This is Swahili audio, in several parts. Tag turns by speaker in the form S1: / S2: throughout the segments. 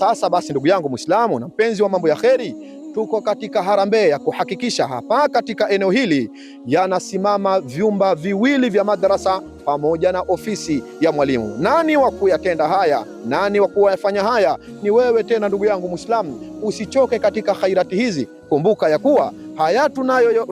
S1: Sasa basi, ndugu yangu Muislamu na mpenzi wa mambo ya kheri, tuko katika harambee ya kuhakikisha hapa katika eneo hili yanasimama vyumba viwili vya madrasa pamoja na ofisi ya mwalimu. Nani wa kuyatenda haya? Nani wa kuyafanya haya? Ni wewe tena, ndugu yangu Muislamu, usichoke katika khairati hizi. Kumbuka ya kuwa haya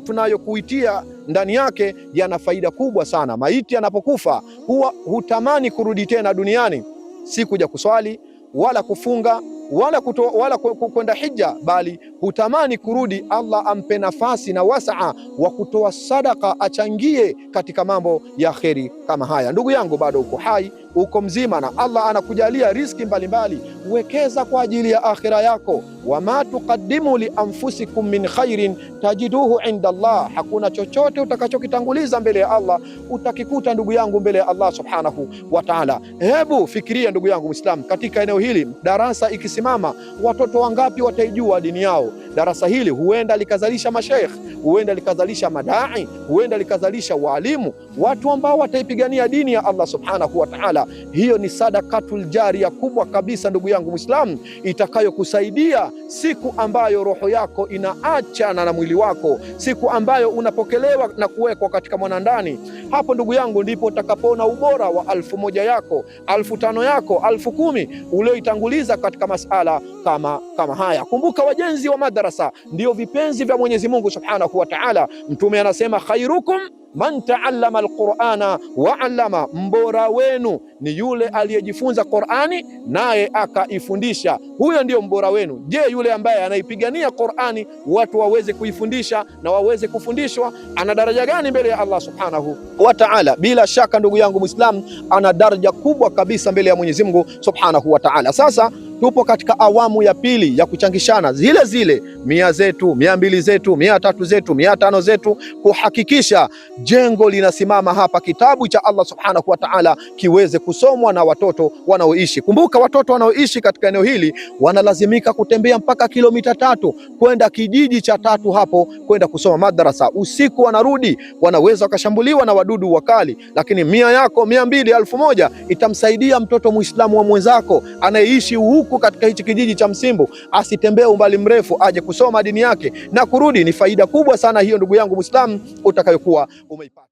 S1: tunayokuitia tunayo ndani yake yana faida kubwa sana. Maiti yanapokufa huwa hutamani kurudi tena duniani, si kuja kuswali wala kufunga wala kuto, wala kwenda hija, bali hutamani kurudi. Allah ampe nafasi na wasaa wa kutoa sadaka, achangie katika mambo ya kheri kama haya. Ndugu yangu, bado uko hai, uko mzima na Allah anakujalia riski mbalimbali. Wekeza kwa ajili ya akhira yako. Wama tuqaddimu li anfusikum min khairin tajiduhu inda Allah, hakuna chochote utakachokitanguliza mbele ya Allah utakikuta ndugu yangu mbele ya Allah subhanahu wa ta'ala. Hebu fikiria ndugu yangu Muislam, katika eneo hili darasa ikisi kusimama, watoto wangapi wataijua dini yao? Darasa hili huenda likazalisha masheikh, huenda likazalisha madai, huenda likazalisha waalimu watu ambao wataipigania dini ya Allah subhanahu wa ta'ala. Hiyo ni sadakatul jaria kubwa kabisa, ndugu yangu mwislamu itakayokusaidia siku ambayo roho yako inaachana na mwili wako, siku ambayo unapokelewa na kuwekwa katika mwanandani. Hapo ndugu yangu, ndipo utakapoona ubora wa alfu moja yako, alfu tano yako, alfu kumi ulioitanguliza katika masala kama, kama haya. Kumbuka wajenzi wa madarasa ndio vipenzi vya Mwenyezi Mungu subhanahu wa ta'ala. Mtume anasema khairukum man taallama alqurana wa allama, mbora wenu ni yule aliyejifunza Qurani naye akaifundisha, huyo ndiyo mbora wenu. Je, yule ambaye anaipigania Qurani watu waweze kuifundisha na waweze kufundishwa ana daraja gani mbele ya Allah subhanahu wa taala? Bila shaka ndugu yangu Muislam, ana daraja kubwa kabisa mbele ya Mwenyezi Mungu subhanahu wa taala. Sasa tupo katika awamu ya pili ya kuchangishana zile zile mia zetu mia mbili zetu mia tatu zetu mia tano zetu kuhakikisha jengo linasimama hapa, kitabu cha Allah subhanahu wa ta'ala kiweze kusomwa na watoto wanaoishi. Kumbuka watoto wanaoishi katika eneo hili wanalazimika kutembea mpaka kilomita tatu kwenda kijiji cha tatu hapo kwenda kusoma madrasa. Usiku wanarudi, wanaweza wakashambuliwa na wadudu wakali, lakini mia yako mia mbili elfu moja itamsaidia mtoto Muislamu wa mwenzako anayeishi huko huku katika hichi kijiji cha Msimbu, asitembee umbali mrefu, aje kusoma dini yake na kurudi. Ni faida kubwa sana hiyo, ndugu yangu Muislamu, utakayokuwa umeipata.